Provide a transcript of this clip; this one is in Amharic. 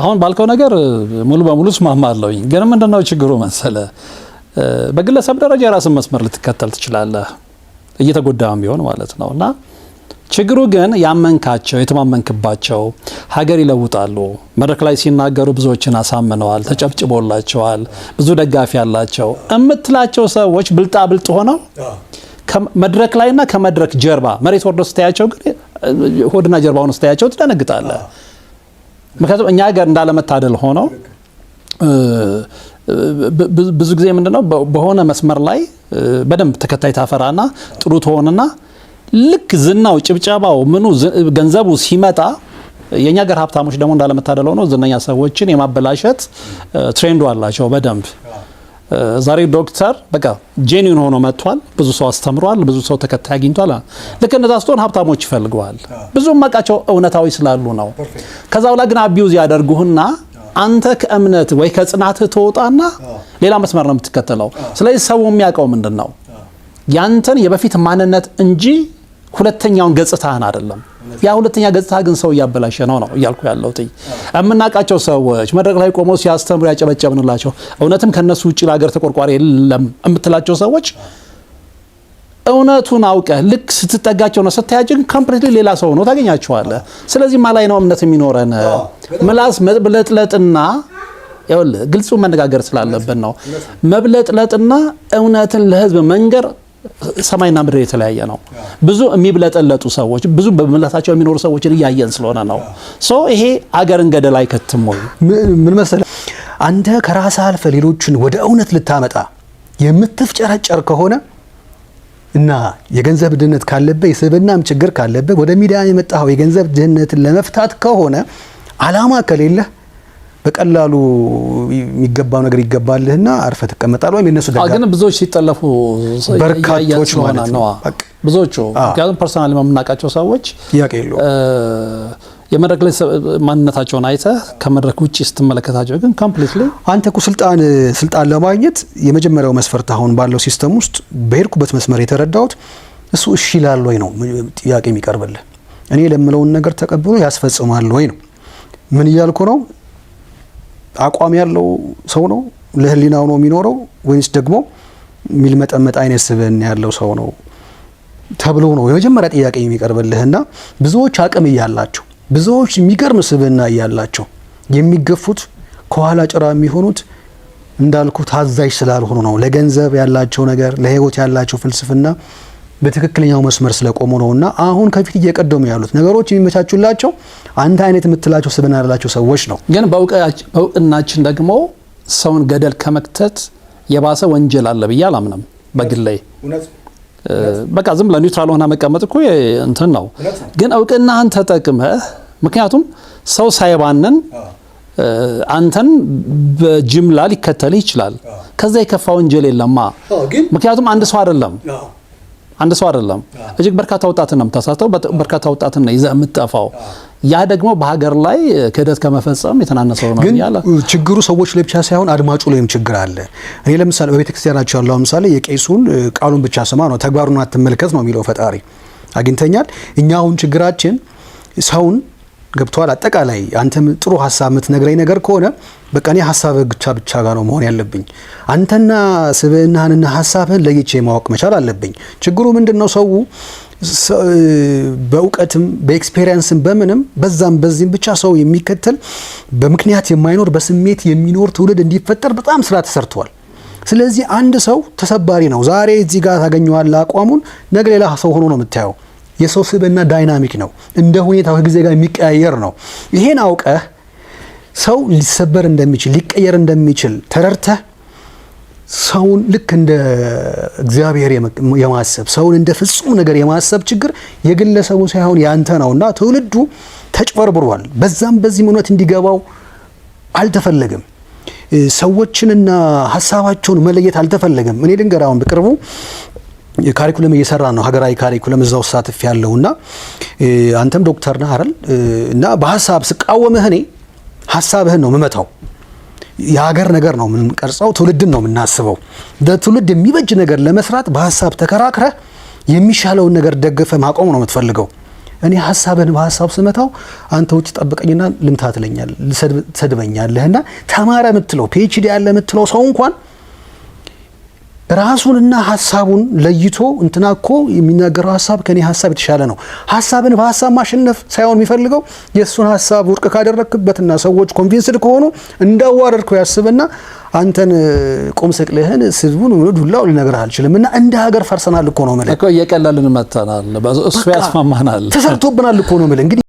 አሁን ባልከው ነገር ሙሉ በሙሉ እስማማለሁኝ። ግን ምንድነው ችግሩ መሰለ፣ በግለሰብ ደረጃ የራስን መስመር ልትከተል ትችላለህ፣ እየተጎዳም ቢሆን ማለት ነው። እና ችግሩ ግን ያመንካቸው የተማመንክባቸው ሀገር ይለውጣሉ። መድረክ ላይ ሲናገሩ ብዙዎችን አሳምነዋል፣ ተጨብጭቦላቸዋል፣ ብዙ ደጋፊ ያላቸው እምትላቸው ሰዎች ብልጣ ብልጥ ሆነው መድረክ ላይና ከመድረክ ጀርባ መሬት ወርዶ ስታያቸው ግን ሆድና ጀርባውን ስታያቸው ትደነግጣለህ። ምክንያቱም እኛ ሀገር እንዳለመታደል ሆነው ብዙ ጊዜ ምንድነው በሆነ መስመር ላይ በደንብ ተከታይ ታፈራና ጥሩ ትሆንና ልክ ዝናው፣ ጭብጨባው፣ ምኑ ገንዘቡ ሲመጣ የእኛ ሀገር ሀብታሞች ደግሞ እንዳለመታደል ሆኖ ዝነኛ ሰዎችን የማበላሸት ትሬንዱ አላቸው በደንብ ዛሬ ዶክተር በቃ ጄኒን ሆኖ መጥቷል። ብዙ ሰው አስተምሯል፣ ብዙ ሰው ተከታይ አግኝቷል። ልክ እነዛ ስትሆን ሀብታሞች ይፈልገዋል። ብዙ ማቃቸው እውነታዊ ስላሉ ነው። ከዛ በኋላ ግን አቢዩዝ ያደርጉህና አንተ ከእምነት ወይ ከጽናትህ ተወጣና ሌላ መስመር ነው የምትከተለው። ስለዚህ ሰው የሚያውቀው ምንድን ነው ያንተን የበፊት ማንነት እንጂ ሁለተኛውን ገጽታህን አይደለም። ያ ሁለተኛ ገጽታ ግን ሰው እያበላሸ ነው ነው እያልኩ ያለሁት። የምናውቃቸው ሰዎች መድረክ ላይ ቆመው ሲያስተምሩ ያጨበጨብንላቸው፣ እውነትም ከነሱ ውጭ ለሀገር ተቆርቋሪ የለም የምትላቸው ሰዎች እውነቱን አውቀ ልክ ስትጠጋቸው ነው ስታያቸው ግን ኮምፕሊትሊ ሌላ ሰው ነው ታገኛቸዋለህ። ስለዚህ ማላይ ነው እምነት የሚኖረን ምላስ መብለጥለጥና ግልጹ መነጋገር ስላለብን ነው መብለጥለጥና እውነትን ለህዝብ መንገር ሰማይና ምድር የተለያየ ነው። ብዙ የሚብለጠለጡ ሰዎች ብዙ በመላታቸው የሚኖሩ ሰዎችን እያየን ስለሆነ ነው። ሶ ይሄ አገርን ገደል አይከትም ወይ? ምን መሰለ፣ አንተ ከራስ አልፈ ሌሎችን ወደ እውነት ልታመጣ የምትፍጨረጨር ከሆነ እና የገንዘብ ድህነት ካለበ የስብዕናም ችግር ካለበ ወደ ሚዲያ የመጣው የገንዘብ ድህነትን ለመፍታት ከሆነ አላማ ከሌለህ በቀላሉ የሚገባው ነገር ይገባልህና አርፈ ትቀመጣለህ። ወይም የነሱ ደጋ ግን ብዙዎች ሲጠለፉ በርካቶች ማለት ነው። ብዙዎቹ ምክንያቱም ፐርሰናል የምናውቃቸው ሰዎች የመድረክ ላይ ማንነታቸውን አይተ ከመድረክ ውጭ ስትመለከታቸው ግን ኮምፕሊትሊ አንተ እኮ ስልጣን ስልጣን ለማግኘት የመጀመሪያው መስፈርት አሁን ባለው ሲስተም ውስጥ በሄድኩበት መስመር የተረዳሁት እሱ እሺ ይላል ወይ ነው ጥያቄ የሚቀርብልህ። እኔ ለምለውን ነገር ተቀብሎ ያስፈጽማል ወይ ነው። ምን እያልኩ ነው? አቋም ያለው ሰው ነው ለህሊናው ነው የሚኖረው ወይንስ ደግሞ የሚልመጠመጥ አይነት ስብዕና ያለው ሰው ነው ተብሎ ነው የመጀመሪያ ጥያቄ የሚቀርብልህና ብዙዎች አቅም እያላቸው ብዙዎች የሚገርም ስብና እያላቸው የሚገፉት ከኋላ ጭራ የሚሆኑት እንዳልኩ ታዛዥ ስላልሆኑ ነው። ለገንዘብ ያላቸው ነገር፣ ለህይወት ያላቸው ፍልስፍና በትክክለኛው መስመር ስለቆሙ ነውና አሁን ከፊት እየቀደሙ ያሉት ነገሮች የሚመቻቹላቸው አንተ አይነት የምትላቸው ስብዕና ያላቸው ሰዎች ነው። ግን በእውቅናችን ደግሞ ሰውን ገደል ከመክተት የባሰ ወንጀል አለ ብዬ አላምንም በግሌ። በቃ ዝም ለኒውትራል ሆና መቀመጥ እኮ እንትን ነው። ግን እውቅናህን ተጠቅመህ ምክንያቱም ሰው ሳይባንን አንተን በጅምላ ሊከተልህ ይችላል። ከዛ የከፋ ወንጀል የለማ። ምክንያቱም አንድ ሰው አይደለም አንድ ሰው አይደለም፣ እጅግ በርካታ ወጣትን ነው የምታሳተው፣ በርካታ ወጣትን ነው ይዘ የምትጠፋው። ያ ደግሞ በሀገር ላይ ክህደት ከመፈጸም የተናነሰው ነው ያለ። ችግሩ ሰዎች ላይ ብቻ ሳይሆን አድማጩ ላይም ችግር አለ። እኔ ለምሳሌ በቤተ ክርስቲያናቸው ያለው ለምሳሌ የቄሱን ቃሉን ብቻ ስማ ነው ተግባሩን አትመልከት ነው የሚለው ፈጣሪ አግኝተኛል። እኛ አሁን ችግራችን ሰውን ገብተዋል። አጠቃላይ አንተም ጥሩ ሀሳብ የምትነግረኝ ነገር ከሆነ በቃ እኔ ሀሳብ ብቻ ብቻ ጋር ነው መሆን ያለብኝ። አንተና ስብዕናህንና ሀሳብህን ለይቼ ማወቅ መቻል አለብኝ። ችግሩ ምንድን ነው? ሰው በእውቀትም በኤክስፔሪንስም በምንም በዛም በዚህም ብቻ ሰው የሚከተል በምክንያት የማይኖር በስሜት የሚኖር ትውልድ እንዲፈጠር በጣም ስራ ተሰርተዋል። ስለዚህ አንድ ሰው ተሰባሪ ነው። ዛሬ እዚህ ጋር ታገኘዋለህ አቋሙን፣ ነገ ሌላ ሰው ሆኖ ነው የምታየው። የሰው ስብዕና ዳይናሚክ ነው፣ እንደ ሁኔታው ከጊዜ ጋር የሚቀያየር ነው። ይሄን አውቀህ ሰው ሊሰበር እንደሚችል ሊቀየር እንደሚችል ተረድተህ ሰውን ልክ እንደ እግዚአብሔር የማሰብ ሰውን እንደ ፍጹም ነገር የማሰብ ችግር የግለሰቡ ሳይሆን ያንተ እና ትውልዱ ተጭበርብሯል። በዛም በዚህ እውነት እንዲገባው አልተፈለገም። ሰዎችንና ሀሳባቸውን መለየት አልተፈለገም። እኔ ልንገር፣ አሁን በቅርቡ ካሪኩለም እየሰራ ነው። ሀገራዊ ካሪኩለም እዛው ሳትፍ ያለውና አንተም ዶክተር ነህ አይደል? እና በሀሳብ ስቃወምህ እኔ ሀሳብህን ነው የምመታው። የሀገር ነገር ነው የምንቀርጸው፣ ትውልድን ነው የምናስበው። ለትውልድ የሚበጅ ነገር ለመስራት በሀሳብ ተከራክረህ የሚሻለውን ነገር ደግፈ ማቆም ነው የምትፈልገው። እኔ ሀሳብህን በሀሳብ ስመታው አንተ ውጭ ጠብቀኝና ልምታ ትለኛለህ፣ ተማረ የምትለው ፒኤችዲ ያለ የምትለው ሰው እንኳን ራሱንና ሀሳቡን ለይቶ እንትና እኮ የሚናገረው ሀሳብ ከኔ ሀሳብ የተሻለ ነው። ሀሳብን በሀሳብ ማሸነፍ ሳይሆን የሚፈልገው የእሱን ሀሳብ ውድቅ ካደረግክበትና ሰዎች ኮንቪንስድ ከሆኑ እንዳዋረድከው ያስብና አንተን ቁም ስቅልህን ስድቡን ዱላው ልነግርህ አልችልም። እና እንደ ሀገር ፈርሰናል እኮ ነው የምልህ እየቀለልን መተናል። እሱ ያስማማናል። ተሰርቶብናል እኮ ነው የምልህ እንግዲህ